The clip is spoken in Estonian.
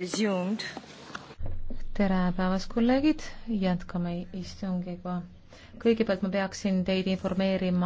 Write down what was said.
resumed. tere päevast, kolleegid, jätkame istungiga. kõigepealt ma peaksin teid informeerima